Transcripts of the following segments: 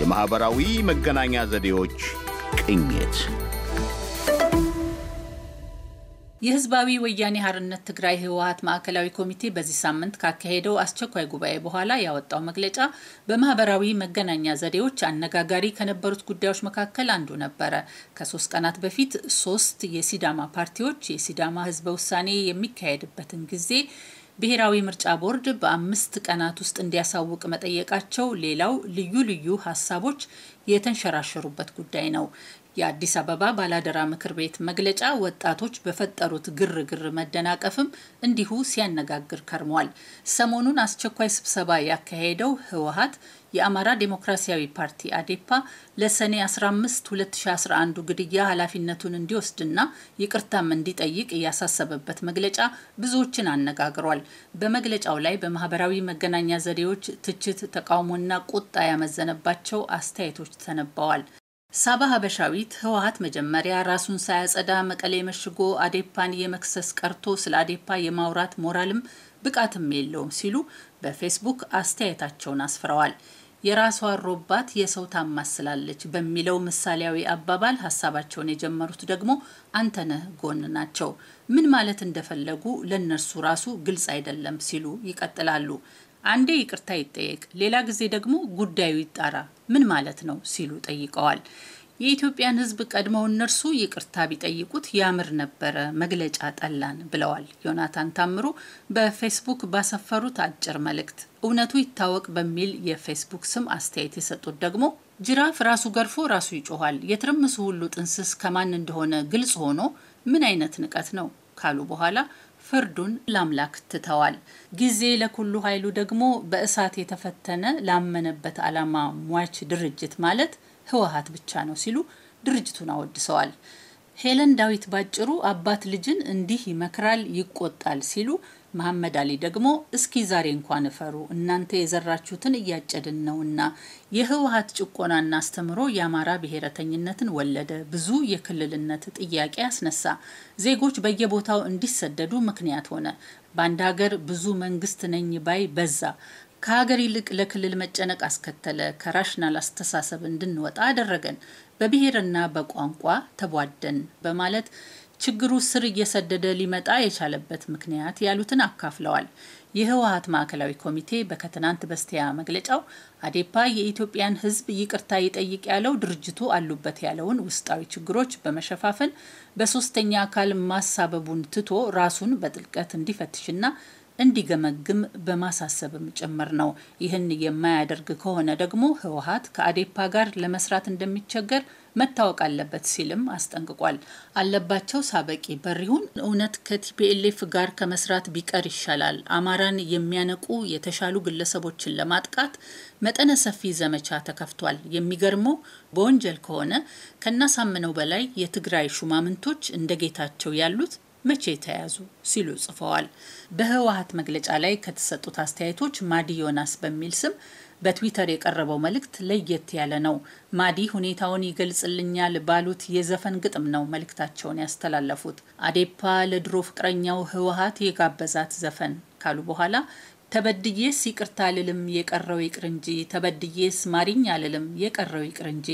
የማኅበራዊ መገናኛ ዘዴዎች ቅኝት የህዝባዊ ወያኔ ሀርነት ትግራይ ህወሀት ማዕከላዊ ኮሚቴ በዚህ ሳምንት ካካሄደው አስቸኳይ ጉባኤ በኋላ ያወጣው መግለጫ በማህበራዊ መገናኛ ዘዴዎች አነጋጋሪ ከነበሩት ጉዳዮች መካከል አንዱ ነበረ። ከሶስት ቀናት በፊት ሶስት የሲዳማ ፓርቲዎች የሲዳማ ህዝበ ውሳኔ የሚካሄድበትን ጊዜ ብሔራዊ ምርጫ ቦርድ በአምስት ቀናት ውስጥ እንዲያሳውቅ መጠየቃቸው ሌላው ልዩ ልዩ ሀሳቦች የተንሸራሸሩበት ጉዳይ ነው። የአዲስ አበባ ባላደራ ምክር ቤት መግለጫ ወጣቶች በፈጠሩት ግርግር መደናቀፍም እንዲሁ ሲያነጋግር ከርሟል። ሰሞኑን አስቸኳይ ስብሰባ ያካሄደው ህወሀት የአማራ ዴሞክራሲያዊ ፓርቲ አዴፓ ለሰኔ 15 2011 ግድያ ኃላፊነቱን እንዲወስድና ይቅርታም እንዲጠይቅ ያሳሰበበት መግለጫ ብዙዎችን አነጋግሯል። በመግለጫው ላይ በማህበራዊ መገናኛ ዘዴዎች ትችት፣ ተቃውሞና ቁጣ ያመዘነባቸው አስተያየቶች ተነበዋል። ሳባ ሀበሻዊት ህወሀት መጀመሪያ ራሱን ሳያጸዳ መቀሌ መሽጎ አዴፓን የመክሰስ ቀርቶ ስለ አዴፓ የማውራት ሞራልም ብቃትም የለውም ሲሉ በፌስቡክ አስተያየታቸውን አስፍረዋል። የራሷ ሮባት የሰው ታማስላለች በሚለው ምሳሌያዊ አባባል ሀሳባቸውን የጀመሩት ደግሞ አንተነህ ጎን ናቸው። ምን ማለት እንደፈለጉ ለእነርሱ ራሱ ግልጽ አይደለም ሲሉ ይቀጥላሉ። አንዴ ይቅርታ ይጠየቅ፣ ሌላ ጊዜ ደግሞ ጉዳዩ ይጣራ ምን ማለት ነው ሲሉ ጠይቀዋል። የኢትዮጵያን ሕዝብ ቀድመው እነርሱ ይቅርታ ቢጠይቁት ያምር ነበረ፣ መግለጫ ጠላን ብለዋል ዮናታን ታምሩ በፌስቡክ ባሰፈሩት አጭር መልእክት። እውነቱ ይታወቅ በሚል የፌስቡክ ስም አስተያየት የሰጡት ደግሞ ጅራፍ ራሱ ገርፎ ራሱ ይጮኋል፣ የትርምሱ ሁሉ ጥንስስ ከማን እንደሆነ ግልጽ ሆኖ ምን አይነት ንቀት ነው ካሉ በኋላ ፍርዱን ለአምላክ ትተዋል። ጊዜ ለኩሉ ኃይሉ ደግሞ በእሳት የተፈተነ ላመነበት ዓላማ ሟች ድርጅት ማለት ህወሀት ብቻ ነው ሲሉ ድርጅቱን አወድሰዋል። ሄለን ዳዊት ባጭሩ አባት ልጅን እንዲህ ይመክራል፣ ይቆጣል ሲሉ መሐመድ አሊ ደግሞ እስኪ ዛሬ እንኳን እፈሩ እናንተ የዘራችሁትን እያጨድን ነውና። የህወሀት ጭቆናና አስተምሮ የአማራ ብሔረተኝነትን ወለደ። ብዙ የክልልነት ጥያቄ አስነሳ። ዜጎች በየቦታው እንዲሰደዱ ምክንያት ሆነ። በአንድ ሀገር ብዙ መንግስት ነኝ ባይ በዛ። ከሀገር ይልቅ ለክልል መጨነቅ አስከተለ። ከራሽናል አስተሳሰብ እንድንወጣ አደረገን። በብሔርና በቋንቋ ተቧደን በማለት ችግሩ ስር እየሰደደ ሊመጣ የቻለበት ምክንያት ያሉትን አካፍለዋል። የህወሀት ማዕከላዊ ኮሚቴ በከትናንት በስቲያ መግለጫው አዴፓ የኢትዮጵያን ሕዝብ ይቅርታ ይጠይቅ ያለው ድርጅቱ አሉበት ያለውን ውስጣዊ ችግሮች በመሸፋፈን በሶስተኛ አካል ማሳበቡን ትቶ ራሱን በጥልቀት እንዲፈትሽና እንዲገመግም በማሳሰብም ጭምር ነው። ይህን የማያደርግ ከሆነ ደግሞ ህወሀት ከአዴፓ ጋር ለመስራት እንደሚቸገር መታወቅ አለበት ሲልም አስጠንቅቋል። አለባቸው ሳበቂ በሪሁን እውነት ከቲፒኤልኤፍ ጋር ከመስራት ቢቀር ይሻላል። አማራን የሚያነቁ የተሻሉ ግለሰቦችን ለማጥቃት መጠነ ሰፊ ዘመቻ ተከፍቷል። የሚገርመው በወንጀል ከሆነ ከናሳምነው በላይ የትግራይ ሹማምንቶች እንደ ጌታቸው ያሉት መቼ ተያዙ ሲሉ ጽፈዋል። በህወሀት መግለጫ ላይ ከተሰጡት አስተያየቶች ማዲ ዮናስ በሚል ስም በትዊተር የቀረበው መልእክት ለየት ያለ ነው። ማዲ ሁኔታውን ይገልጽልኛል ባሉት የዘፈን ግጥም ነው መልእክታቸውን ያስተላለፉት። አዴፓ ለድሮ ፍቅረኛው ህወሀት የጋበዛት ዘፈን ካሉ በኋላ ተበድዬስ ይቅርታ ልልም የቀረው ይቅር እንጂ፣ ተበድዬስ ማሪኝ አልልም የቀረው ይቅር እንጂ፣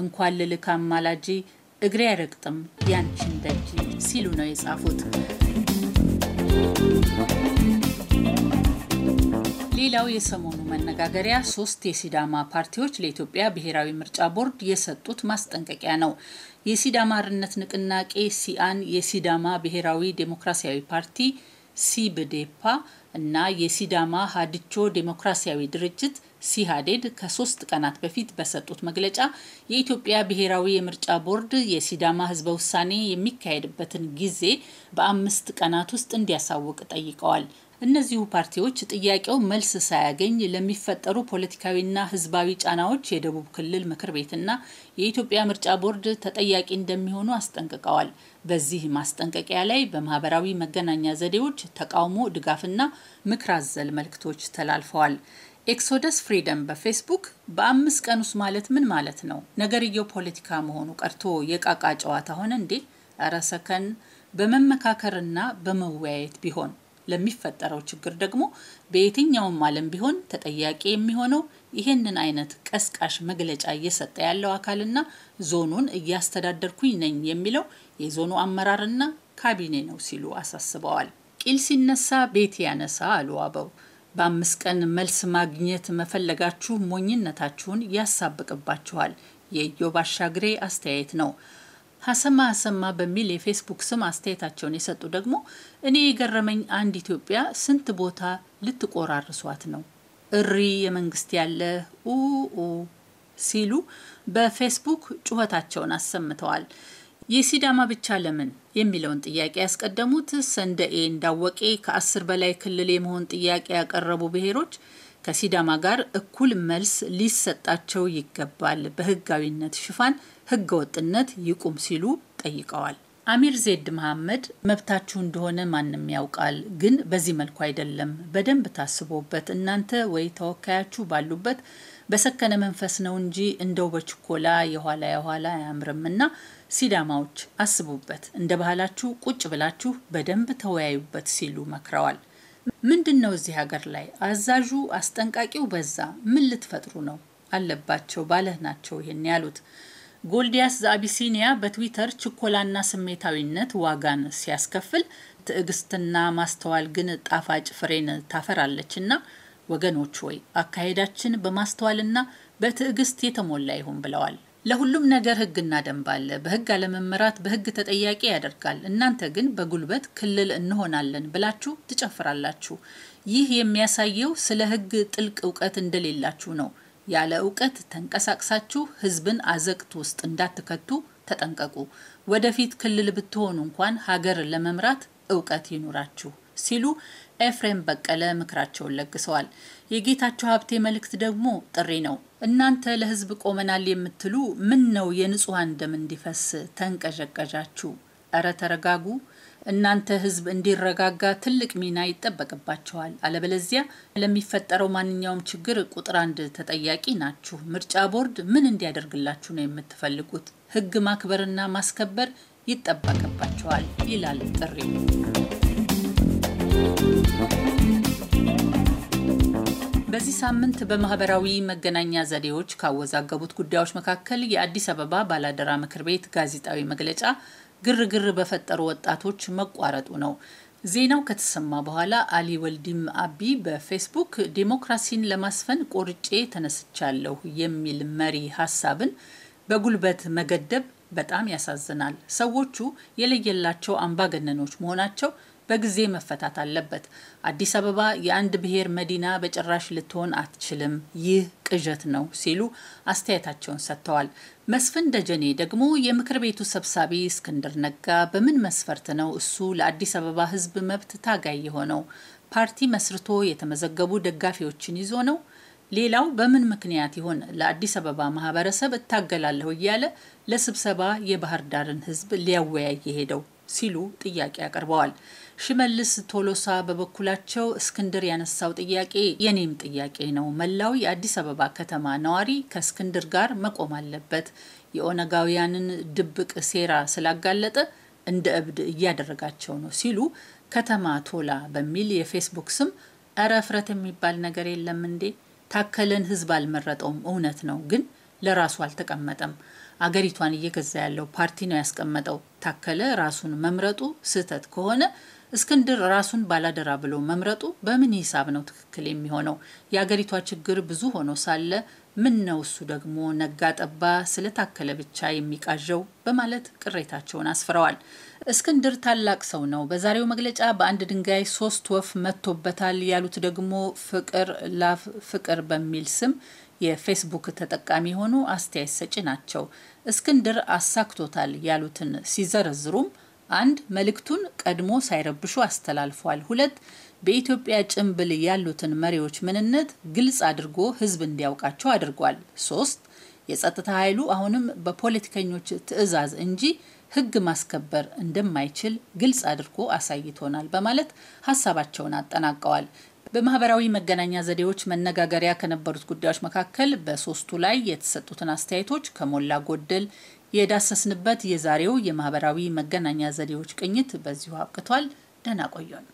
እንኳን ልልካ አማላጄ እግሬ አይረግጥም ያንቺን ደጅ ሲሉ ነው የጻፉት። ሌላው የሰሞኑ መነጋገሪያ ሶስት የሲዳማ ፓርቲዎች ለኢትዮጵያ ብሔራዊ ምርጫ ቦርድ የሰጡት ማስጠንቀቂያ ነው። የሲዳማ አርነት ንቅናቄ ሲአን፣ የሲዳማ ብሔራዊ ዴሞክራሲያዊ ፓርቲ ሲብዴፓ እና የሲዳማ ሀዲቾ ዴሞክራሲያዊ ድርጅት ሲሃዴድ ከሶስት ቀናት በፊት በሰጡት መግለጫ የኢትዮጵያ ብሔራዊ የምርጫ ቦርድ የሲዳማ ህዝበ ውሳኔ የሚካሄድበትን ጊዜ በአምስት ቀናት ውስጥ እንዲያሳውቅ ጠይቀዋል። እነዚሁ ፓርቲዎች ጥያቄው መልስ ሳያገኝ ለሚፈጠሩ ፖለቲካዊና ሕዝባዊ ጫናዎች የደቡብ ክልል ምክር ቤትና የኢትዮጵያ ምርጫ ቦርድ ተጠያቂ እንደሚሆኑ አስጠንቅቀዋል። በዚህ ማስጠንቀቂያ ላይ በማህበራዊ መገናኛ ዘዴዎች ተቃውሞ፣ ድጋፍና ምክር አዘል መልእክቶች ተላልፈዋል። ኤክሶደስ ፍሪደም በፌስቡክ በአምስት ቀን ውስጥ ማለት ምን ማለት ነው? ነገርየው ፖለቲካ መሆኑ ቀርቶ የቃቃ ጨዋታ ሆነ እንዴ? እረ ሰከን። በመመካከርና በመወያየት ቢሆን ለሚፈጠረው ችግር ደግሞ በየትኛውም ዓለም ቢሆን ተጠያቂ የሚሆነው ይህንን አይነት ቀስቃሽ መግለጫ እየሰጠ ያለው አካልና ዞኑን እያስተዳደርኩኝ ነኝ የሚለው የዞኑ አመራርና ካቢኔ ነው ሲሉ አሳስበዋል። ቂል ሲነሳ ቤት ያነሳ አሉ አበው። በአምስት ቀን መልስ ማግኘት መፈለጋችሁ ሞኝነታችሁን ያሳብቅባችኋል። የኢዮብ አሻግሬ አስተያየት ነው። ሀሰማ ሀሰማ በሚል የፌስቡክ ስም አስተያየታቸውን የሰጡ ደግሞ እኔ የገረመኝ አንድ ኢትዮጵያ ስንት ቦታ ልትቆራርሷት ነው? እሪ የመንግስት ያለ ኡኡ ሲሉ በፌስቡክ ጩኸታቸውን አሰምተዋል። የሲዳማ ብቻ ለምን የሚለውን ጥያቄ ያስቀደሙት ሰንደኤ እንዳወቄ ከአስር በላይ ክልል የመሆን ጥያቄ ያቀረቡ ብሔሮች ከሲዳማ ጋር እኩል መልስ ሊሰጣቸው ይገባል፣ በህጋዊነት ሽፋን ህገወጥነት ይቁም ሲሉ ጠይቀዋል። አሚር ዜድ መሐመድ መብታችሁ እንደሆነ ማንም ያውቃል፣ ግን በዚህ መልኩ አይደለም። በደንብ ታስቦበት እናንተ ወይ ተወካያችሁ ባሉበት በሰከነ መንፈስ ነው እንጂ እንደው በችኮላ የኋላ የኋላ አያምርምና ሲዳማዎች አስቡበት፣ እንደ ባህላችሁ ቁጭ ብላችሁ በደንብ ተወያዩበት ሲሉ መክረዋል። ምንድን ነው እዚህ ሀገር ላይ አዛዡ አስጠንቃቂው በዛ፣ ምን ልትፈጥሩ ነው አለባቸው ባለህ ናቸው ይሄን ያሉት። ጎልዲያስ ዘአቢሲኒያ በትዊተር ችኮላና ስሜታዊነት ዋጋን ሲያስከፍል ትዕግስትና ማስተዋል ግን ጣፋጭ ፍሬን ታፈራለችና ወገኖች ወይ አካሄዳችን በማስተዋልና በትዕግስት የተሞላ ይሁን ብለዋል። ለሁሉም ነገር ህግ ደንብ አለ። አለመመራት በህግ ተጠያቂ ያደርጋል። እናንተ ግን በጉልበት ክልል እንሆናለን ብላችሁ ትጨፍራላችሁ። ይህ የሚያሳየው ስለ ህግ ጥልቅ እውቀት እንደሌላችሁ ነው። ያለ እውቀት ተንቀሳቅሳችሁ ህዝብን አዘቅት ውስጥ እንዳትከቱ ተጠንቀቁ። ወደፊት ክልል ብትሆኑ እንኳን ሀገር ለመምራት እውቀት ይኑራችሁ። ሲሉ ኤፍሬም በቀለ ምክራቸውን ለግሰዋል። የጌታቸው ሀብቴ መልእክት ደግሞ ጥሪ ነው። እናንተ ለህዝብ ቆመናል የምትሉ ምን ነው የንጹሐን ደም እንዲፈስ ተንቀዠቀዣችሁ? እረ ተረጋጉ። እናንተ ህዝብ እንዲረጋጋ ትልቅ ሚና ይጠበቅባቸዋል። አለበለዚያ ለሚፈጠረው ማንኛውም ችግር ቁጥር አንድ ተጠያቂ ናችሁ። ምርጫ ቦርድ ምን እንዲያደርግላችሁ ነው የምትፈልጉት? ህግ ማክበርና ማስከበር ይጠበቅባቸዋል ይላል ጥሪው። በዚህ ሳምንት በማህበራዊ መገናኛ ዘዴዎች ካወዛገቡት ጉዳዮች መካከል የአዲስ አበባ ባላደራ ምክር ቤት ጋዜጣዊ መግለጫ ግርግር በፈጠሩ ወጣቶች መቋረጡ ነው። ዜናው ከተሰማ በኋላ አሊ ወልዲም አቢ በፌስቡክ ዴሞክራሲን ለማስፈን ቆርጬ ተነስቻለሁ የሚል መሪ ሀሳብን በጉልበት መገደብ በጣም ያሳዝናል። ሰዎቹ የለየላቸው አምባገነኖች መሆናቸው በጊዜ መፈታት አለበት። አዲስ አበባ የአንድ ብሔር መዲና በጭራሽ ልትሆን አትችልም፣ ይህ ቅዠት ነው ሲሉ አስተያየታቸውን ሰጥተዋል። መስፍን ደጀኔ ደግሞ የምክር ቤቱ ሰብሳቢ እስክንድር ነጋ በምን መስፈርት ነው እሱ ለአዲስ አበባ ሕዝብ መብት ታጋይ የሆነው? ፓርቲ መስርቶ የተመዘገቡ ደጋፊዎችን ይዞ ነው? ሌላው በምን ምክንያት ይሆን ለአዲስ አበባ ማህበረሰብ እታገላለሁ እያለ ለስብሰባ የባህር ዳርን ሕዝብ ሊያወያይ የሄደው? ሲሉ ጥያቄ አቅርበዋል። ሽመልስ ቶሎሳ በበኩላቸው እስክንድር ያነሳው ጥያቄ የኔም ጥያቄ ነው። መላው የአዲስ አበባ ከተማ ነዋሪ ከእስክንድር ጋር መቆም አለበት። የኦነጋውያንን ድብቅ ሴራ ስላጋለጠ እንደ እብድ እያደረጋቸው ነው ሲሉ ከተማ ቶላ በሚል የፌስቡክ ስም እረ እፍረት የሚባል ነገር የለም እንዴ? ታከለን ህዝብ አልመረጠውም። እውነት ነው፣ ግን ለራሱ አልተቀመጠም። አገሪቷን እየገዛ ያለው ፓርቲ ነው ያስቀመጠው። ታከለ ራሱን መምረጡ ስህተት ከሆነ እስክንድር ራሱን ባላደራ ብሎ መምረጡ በምን ሂሳብ ነው ትክክል የሚሆነው? የአገሪቷ ችግር ብዙ ሆኖ ሳለ ምን ነው እሱ ደግሞ ነጋ ጠባ ስለታከለ ብቻ የሚቃዠው በማለት ቅሬታቸውን አስፍረዋል። እስክንድር ታላቅ ሰው ነው፣ በዛሬው መግለጫ በአንድ ድንጋይ ሶስት ወፍ መጥቶበታል ያሉት ደግሞ ፍቅር ላፍ ፍቅር በሚል ስም የፌስቡክ ተጠቃሚ የሆኑ አስተያየት ሰጪ ናቸው። እስክንድር አሳክቶታል ያሉትን ሲዘረዝሩም አንድ መልእክቱን ቀድሞ ሳይረብሹ አስተላልፏል። ሁለት በኢትዮጵያ ጭንብል ያሉትን መሪዎች ምንነት ግልጽ አድርጎ ሕዝብ እንዲያውቃቸው አድርጓል። ሶስት የጸጥታ ኃይሉ አሁንም በፖለቲከኞች ትዕዛዝ እንጂ ሕግ ማስከበር እንደማይችል ግልጽ አድርጎ አሳይቶናል በማለት ሀሳባቸውን አጠናቀዋል። በማህበራዊ መገናኛ ዘዴዎች መነጋገሪያ ከነበሩት ጉዳዮች መካከል በሶስቱ ላይ የተሰጡትን አስተያየቶች ከሞላ ጎደል የዳሰስንበት የዛሬው የማህበራዊ መገናኛ ዘዴዎች ቅኝት በዚሁ አብቅቷል። ደህና